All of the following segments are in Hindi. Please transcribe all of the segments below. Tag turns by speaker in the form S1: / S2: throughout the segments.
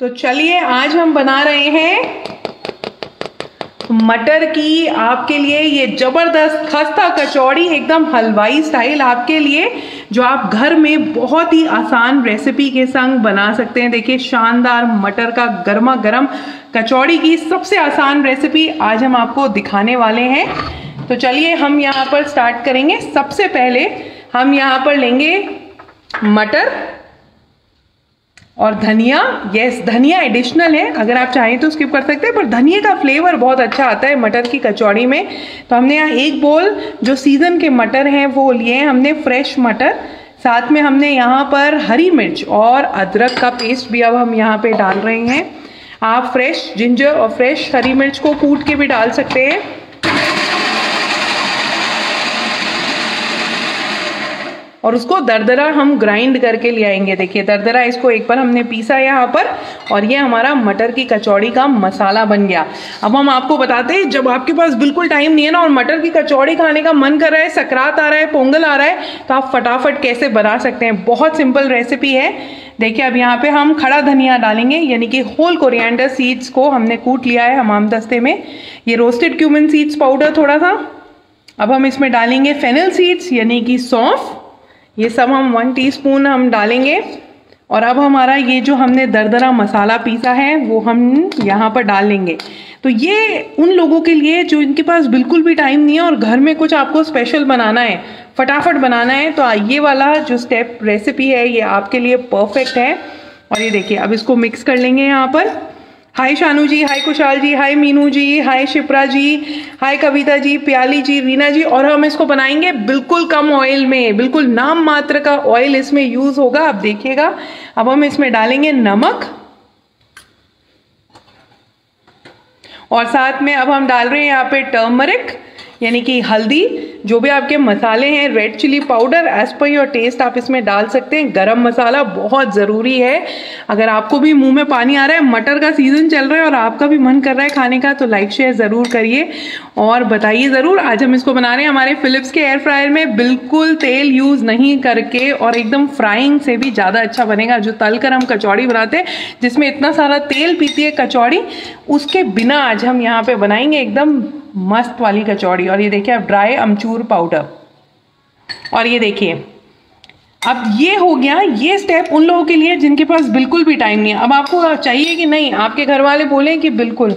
S1: तो चलिए आज हम बना रहे हैं मटर की आपके लिए ये ज़बरदस्त खस्ता कचौड़ी एकदम हलवाई स्टाइल आपके लिए जो आप घर में बहुत ही आसान रेसिपी के संग बना सकते हैं देखिए शानदार मटर का गर्मा गर्म कचौड़ी की सबसे आसान रेसिपी आज हम आपको दिखाने वाले हैं तो चलिए हम यहाँ पर स्टार्ट करेंगे सबसे पहले हम यहाँ पर लेंगे मटर और धनिया यस धनिया एडिशनल है अगर आप चाहें तो स्किप कर सकते हैं पर धनिया का फ्लेवर बहुत अच्छा आता है मटर की कचौड़ी में तो हमने यहाँ एक बोल जो सीज़न के मटर हैं वो लिए हैं हमने फ्रेश मटर साथ में हमने यहाँ पर हरी मिर्च और अदरक का पेस्ट भी अब हम यहाँ पे डाल रहे हैं आप फ्रेश जिंजर और फ्रेश हरी मिर्च को कूट के भी डाल सकते हैं और उसको दरदरा हम ग्राइंड करके ले आएंगे देखिए दरदरा इसको एक बार हमने पीसा यहाँ पर और ये हमारा मटर की कचौड़ी का मसाला बन गया अब हम आपको बताते हैं जब आपके पास बिल्कुल टाइम नहीं है ना और मटर की कचौड़ी खाने का मन कर रहा है सकरात आ रहा है पोंगल आ रहा है तो आप फटाफट कैसे बना सकते हैं बहुत सिंपल रेसिपी है देखिए अब यहाँ पे हम खड़ा धनिया डालेंगे यानी कि होल कोरिएंडर सीड्स को हमने कूट लिया है हमाम दस्ते में ये रोस्टेड क्यूमन सीड्स पाउडर थोड़ा सा अब हम इसमें डालेंगे फेनल सीड्स यानी कि सौंफ ये सब हम वन टीस्पून हम डालेंगे और अब हमारा ये जो हमने दरदरा मसाला पीसा है वो हम यहाँ पर डाल लेंगे तो ये उन लोगों के लिए जो इनके पास बिल्कुल भी टाइम नहीं है और घर में कुछ आपको स्पेशल बनाना है फटाफट बनाना है तो ये वाला जो स्टेप रेसिपी है ये आपके लिए परफेक्ट है और ये देखिए अब इसको मिक्स कर लेंगे यहाँ पर हाय शानू जी हाय कुशाल जी हाय मीनू जी हाय शिप्रा जी हाय कविता जी प्याली जी रीना जी और हम इसको बनाएंगे बिल्कुल कम ऑयल में बिल्कुल नाम मात्र का ऑयल इसमें यूज़ होगा आप देखिएगा अब हम इसमें डालेंगे नमक और साथ में अब हम डाल रहे हैं यहाँ पे टर्मरिक यानी कि हल्दी जो भी आपके मसाले हैं red chilli powder as per your taste आप इसमें डाल सकते हैं गरम मसाला बहुत ज़रूरी है अगर आपको भी मुंह में पानी आ रहा है मटर का सीज़न चल रहा है और आपका भी मन कर रहा है खाने का तो लाइक शेयर ज़रूर करिए और बताइए ज़रूर आज हम इसको बना रहे हैं हमारे फ़िलिप्स के एयर फ्रायर में बिल्कुल तेल यूज़ नहीं करके और एकदम फ्राइंग से भी ज़्यादा अच्छा बनेगा जो तल कर हम कचौड़ी बनाते हैं जिसमें इतना सारा तेल पीती है कचौड़ी उसके बिना आज हम यहाँ पे बनाएंगे एकदम मस्त वाली कचौड़ी और ये देखिए अब ड्राई अमचूर पाउडर और ये देखिए अब ये हो गया ये स्टेप उन लोगों के लिए जिनके पास बिल्कुल भी टाइम नहीं है अब आपको चाहिए कि नहीं आपके घर वाले बोले कि बिल्कुल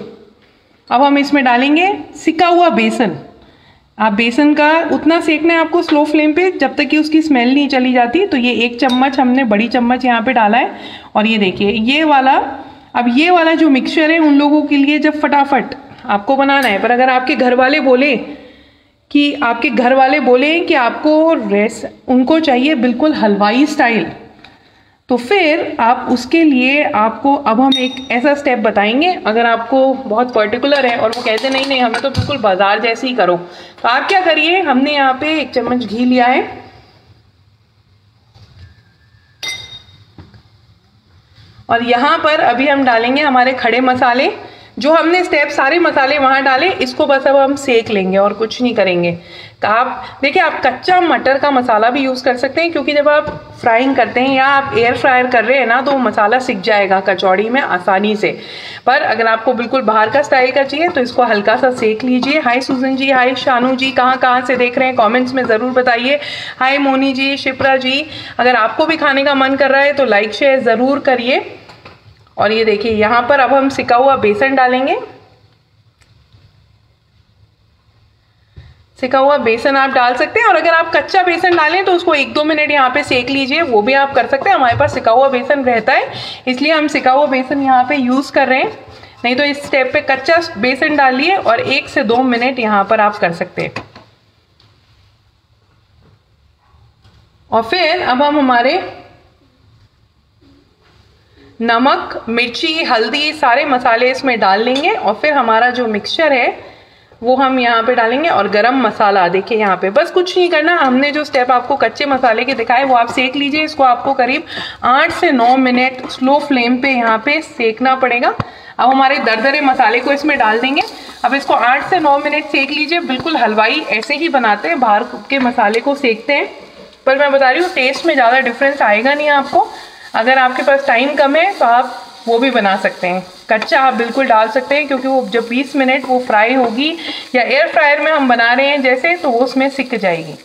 S1: अब हम इसमें डालेंगे सिका हुआ बेसन आप बेसन का उतना सेकना है आपको स्लो फ्लेम पे जब तक कि उसकी स्मेल नहीं चली जाती तो ये एक चम्मच हमने बड़ी चम्मच यहाँ पे डाला है और ये देखिए ये वाला अब ये वाला जो मिक्सचर है उन लोगों के लिए जब फटाफट आपको बनाना है पर अगर आपके घर वाले बोले कि आपके घर वाले बोले कि आपको रेस उनको चाहिए बिल्कुल हलवाई स्टाइल तो फिर आप उसके लिए आपको अब हम एक ऐसा स्टेप बताएंगे अगर आपको बहुत पर्टिकुलर है और वो कहते नहीं नहीं हमें तो बिल्कुल बाजार जैसे ही करो तो आप क्या करिए हमने यहाँ पे एक चम्मच घी लिया है और यहाँ पर अभी हम डालेंगे हमारे खड़े मसाले जो हमने स्टेप सारे मसाले वहाँ डाले इसको बस अब हम सेक लेंगे और कुछ नहीं करेंगे तो आप देखिए आप कच्चा मटर का मसाला भी यूज़ कर सकते हैं क्योंकि जब आप फ्राइंग करते हैं या आप एयर फ्रायर कर रहे हैं ना तो मसाला सिक जाएगा कचौड़ी में आसानी से पर अगर आपको बिल्कुल बाहर का स्टाइल का चाहिए तो इसको हल्का सा सेक लीजिए हाय सुजन जी हाय शानू जी कहाँ कहाँ से देख रहे हैं कॉमेंट्स में ज़रूर बताइए हाय मोनी जी शिप्रा जी अगर आपको भी खाने का मन कर रहा है तो लाइक शेयर ज़रूर करिए और ये देखिए यहां पर अब हम सिका हुआ बेसन डालेंगे सिका हुआ बेसन आप डाल सकते हैं और अगर आप कच्चा बेसन डालें तो उसको एक दो मिनट यहाँ पे सेक लीजिए वो भी आप कर सकते हैं हमारे पास सिका हुआ बेसन रहता है इसलिए हम सिका हुआ बेसन यहाँ पे यूज़ कर रहे हैं नहीं तो इस स्टेप पे कच्चा बेसन डालिए और एक से दो मिनट यहाँ पर आप कर सकते हैं और फिर अब हम हमारे नमक मिर्ची हल्दी सारे मसाले इसमें डाल लेंगे और फिर हमारा जो मिक्सचर है वो हम यहाँ पे डालेंगे और गरम मसाला देखिए यहाँ पे बस कुछ नहीं करना हमने जो स्टेप आपको कच्चे मसाले के दिखाए वो आप सेक लीजिए इसको आपको करीब आठ से नौ मिनट स्लो फ्लेम पे यहाँ पे सेकना पड़ेगा अब हमारे दरदरे मसाले को इसमें डाल देंगे अब इसको आठ से नौ मिनट सेक लीजिए बिल्कुल हलवाई ऐसे ही बनाते हैं बाहर के मसाले को सेकते हैं पर मैं बता रही हूँ टेस्ट में ज़्यादा डिफरेंस आएगा नहीं आपको अगर आपके पास टाइम कम है तो आप वो भी बना सकते हैं कच्चा आप बिल्कुल डाल सकते हैं क्योंकि वो जब 20 मिनट वो फ्राई होगी या एयर फ्रायर में हम बना रहे हैं जैसे तो वो उसमें सिक जाएगी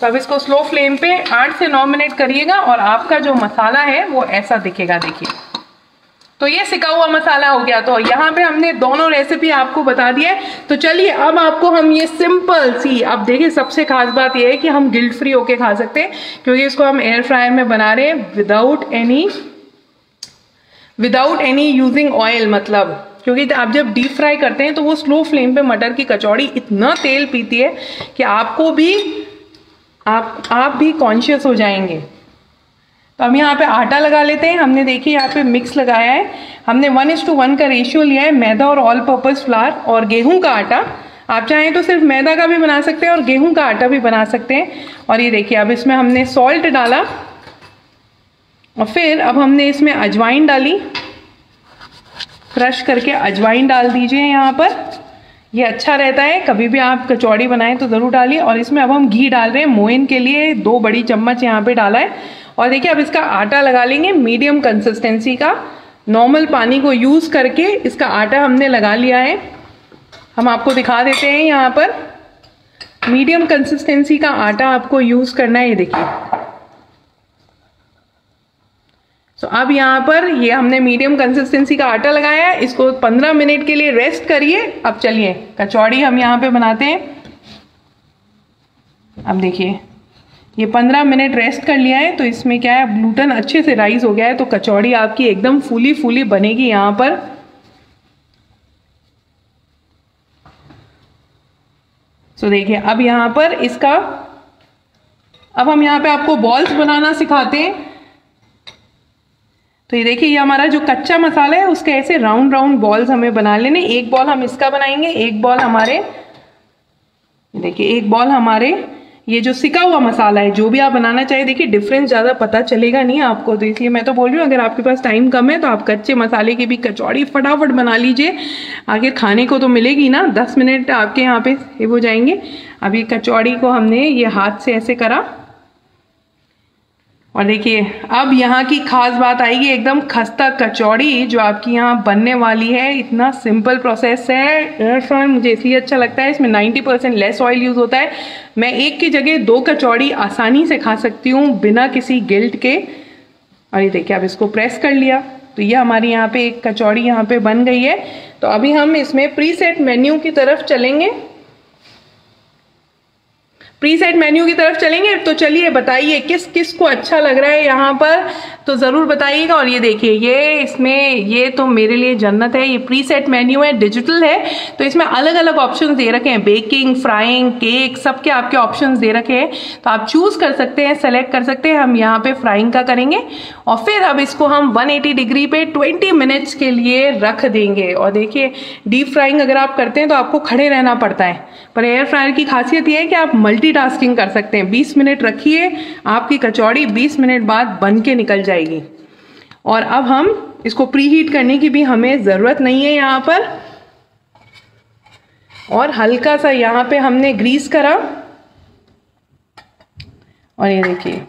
S1: तो अब इसको स्लो फ्लेम पे 8 से 9 मिनट करिएगा और आपका जो मसाला है वो ऐसा दिखेगा देखिए तो ये सिका हुआ मसाला हो गया तो यहाँ पे हमने दोनों रेसिपी आपको बता दी है तो चलिए अब आपको हम ये सिंपल सी अब देखिए सबसे खास बात ये है कि हम गिल्ट फ्री होके खा सकते हैं क्योंकि इसको हम एयर फ्रायर में बना रहे हैं without any without any using oil मतलब क्योंकि आप जब डीप फ्राई करते हैं तो वो स्लो फ्लेम पे मटर की कचौड़ी इतना तेल पीती है कि आपको भी आप आप भी कॉन्शियस हो जाएंगे तो हम यहाँ पे आटा लगा लेते हैं हमने देखिए यहाँ पे मिक्स लगाया है हमने वन इज टू वन का रेशियो लिया है मैदा और ऑल पर्पज़ फ्लार और गेहूं का आटा आप चाहें तो सिर्फ मैदा का भी बना सकते हैं और गेहूं का आटा भी बना सकते हैं और ये देखिए अब इसमें हमने सॉल्ट डाला और फिर अब हमने इसमें अजवाइन डाली क्रश करके अजवाइन डाल दीजिए यहाँ पर ये अच्छा रहता है कभी भी आप कचौड़ी बनाएं तो ज़रूर डालिए और इसमें अब हम घी डाल रहे हैं मोइन के लिए दो बड़ी चम्मच यहाँ पे डाला है और देखिए अब इसका आटा लगा लेंगे मीडियम कंसिस्टेंसी का नॉर्मल पानी को यूज़ करके इसका आटा हमने लगा लिया है हम आपको दिखा देते हैं यहाँ पर मीडियम कंसिस्टेंसी का आटा आपको यूज़ करना है ये देखिए सो so, अब यहाँ पर ये हमने मीडियम कंसिस्टेंसी का आटा लगाया है इसको 15 मिनट के लिए रेस्ट करिए अब चलिए कचौड़ी हम यहाँ पे बनाते हैं अब देखिए ये 15 मिनट रेस्ट कर लिया है तो इसमें क्या है ग्लूटन अच्छे से राइज हो गया है तो कचौड़ी आपकी एकदम फूली फूली बनेगी यहाँ पर सो so, देखिए अब यहाँ पर इसका अब हम यहाँ पे आपको बॉल्स बनाना सिखाते हैं तो ये देखिए ये हमारा जो कच्चा मसाला है उसके ऐसे राउंड राउंड बॉल्स हमें बना लेने एक बॉल हम इसका बनाएंगे एक बॉल हमारे देखिए एक बॉल हमारे ये जो सिका हुआ मसाला है जो भी आप बनाना चाहिए देखिए डिफरेंस ज़्यादा पता चलेगा नहीं आपको तो इसलिए मैं तो बोल रही हूँ अगर आपके पास टाइम कम है तो आप कच्चे मसाले की भी कचौड़ी फटाफट बना लीजिए आखिर खाने को तो मिलेगी ना दस मिनट आपके यहाँ पे सेव हो जाएंगे अभी कचौड़ी को हमने ये हाथ से ऐसे करा और देखिए अब यहाँ की खास बात आएगी एकदम खस्ता कचौड़ी जो आपकी यहाँ बनने वाली है इतना सिंपल प्रोसेस है मुझे इसलिए अच्छा लगता है इसमें 90 परसेंट लेस ऑयल यूज़ होता है मैं एक की जगह दो कचौड़ी आसानी से खा सकती हूँ बिना किसी गिल्ट के और ये देखिए अब इसको प्रेस कर लिया तो ये हमारी यहाँ पे एक कचौड़ी यहाँ पे बन गई है तो अभी हम इसमें प्री मेन्यू की तरफ चलेंगे प्री सेट मेन्यू की तरफ चलेंगे तो चलिए बताइए किस किस को अच्छा लग रहा है यहाँ पर तो ज़रूर बताइएगा और ये देखिए ये इसमें ये तो मेरे लिए जन्नत है ये प्री सेट मेन्यू है डिजिटल है तो इसमें अलग अलग ऑप्शन दे रखे हैं बेकिंग फ्राइंग केक सबके आपके ऑप्शन दे रखे हैं तो आप चूज़ कर सकते हैं सेलेक्ट कर सकते हैं हम यहाँ पर फ्राइंग का करेंगे और फिर अब इसको हम वन डिग्री पे ट्वेंटी मिनट्स के लिए रख देंगे और देखिए डीप फ्राइंग अगर आप करते हैं तो आपको खड़े रहना पड़ता है पर एयर फ्रायर की खासियत यह है कि आप मल्टी मल्टीटास्किंग कर सकते हैं बीस मिनट रखिए आपकी कचौड़ी बीस मिनट बाद बन के निकल जाएगी और अब हम इसको प्री हीट करने की भी हमें ज़रूरत नहीं है यहाँ पर और हल्का सा यहाँ पे हमने ग्रीस करा और ये देखिए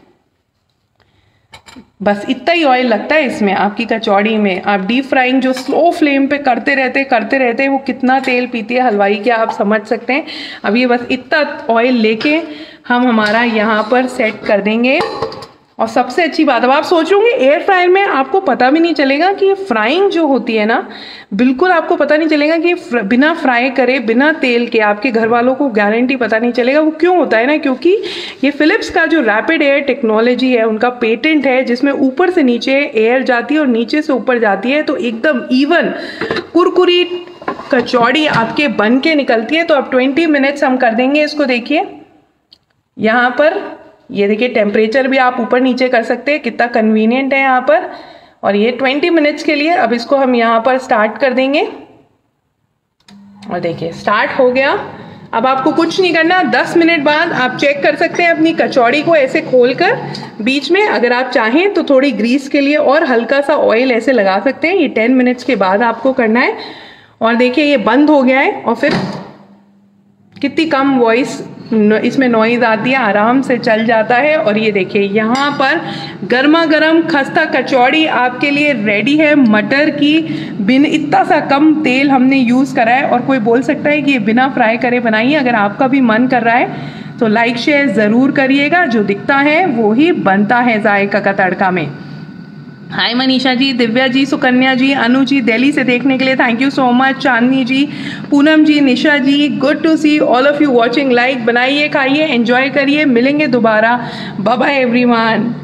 S1: बस इतना ही ऑयल लगता है इसमें आपकी कचौड़ी में आप डीप फ्राइंग जो स्लो फ्लेम पे करते रहते करते रहते वो कितना तेल पीती है हलवाई क्या आप समझ सकते हैं अब ये बस इतना ऑयल लेके हम हमारा यहाँ पर सेट कर देंगे और सबसे अच्छी बात अब आप सोचोगे एयर फ्रायर में आपको पता भी नहीं चलेगा कि ये फ्राइंग जो होती है ना बिल्कुल आपको पता नहीं चलेगा कि फ्र, बिना फ्राई करे बिना तेल के आपके घर वालों को गारंटी पता नहीं चलेगा वो क्यों होता है ना क्योंकि ये फिलिप्स का जो रैपिड एयर टेक्नोलॉजी है उनका पेटेंट है जिसमें ऊपर से नीचे एयर जाती है और नीचे से ऊपर जाती है तो एकदम इवन कुरकुरी कचौड़ी आपके बन के निकलती है तो आप ट्वेंटी मिनट्स हम कर देंगे इसको देखिए यहाँ पर ये देखिए टेम्परेचर भी आप ऊपर नीचे कर सकते हैं कितना कन्वीनियंट है यहाँ पर और ये 20 मिनट्स के लिए अब इसको हम यहाँ पर स्टार्ट कर देंगे और देखिए स्टार्ट हो गया अब आपको कुछ नहीं करना 10 मिनट बाद आप चेक कर सकते हैं अपनी कचौड़ी को ऐसे खोल कर बीच में अगर आप चाहें तो थोड़ी ग्रीस के लिए और हल्का सा ऑयल ऐसे लगा सकते हैं ये 10 मिनट्स के बाद आपको करना है और देखिए ये बंद हो गया है और फिर कितनी कम वॉइस इसमें नोइज आती है आराम से चल जाता है और ये देखिए यहाँ पर गर्मा गर्म खस्ता कचौड़ी आपके लिए रेडी है मटर की बिन इतना सा कम तेल हमने यूज़ करा है और कोई बोल सकता है कि ये बिना फ्राई करे बनाइए अगर आपका भी मन कर रहा है तो लाइक शेयर ज़रूर करिएगा जो दिखता है वो ही बनता है जायका का तड़का में हाय मनीषा जी दिव्या जी सुकन्या जी अनु जी दिल्ली से देखने के लिए thank you so much Chandni ji Poonam ji Nisha ji good to see all of you watching like बनाइए खाइए एंजॉय करिए मिलेंगे दोबारा बाय एवरीवन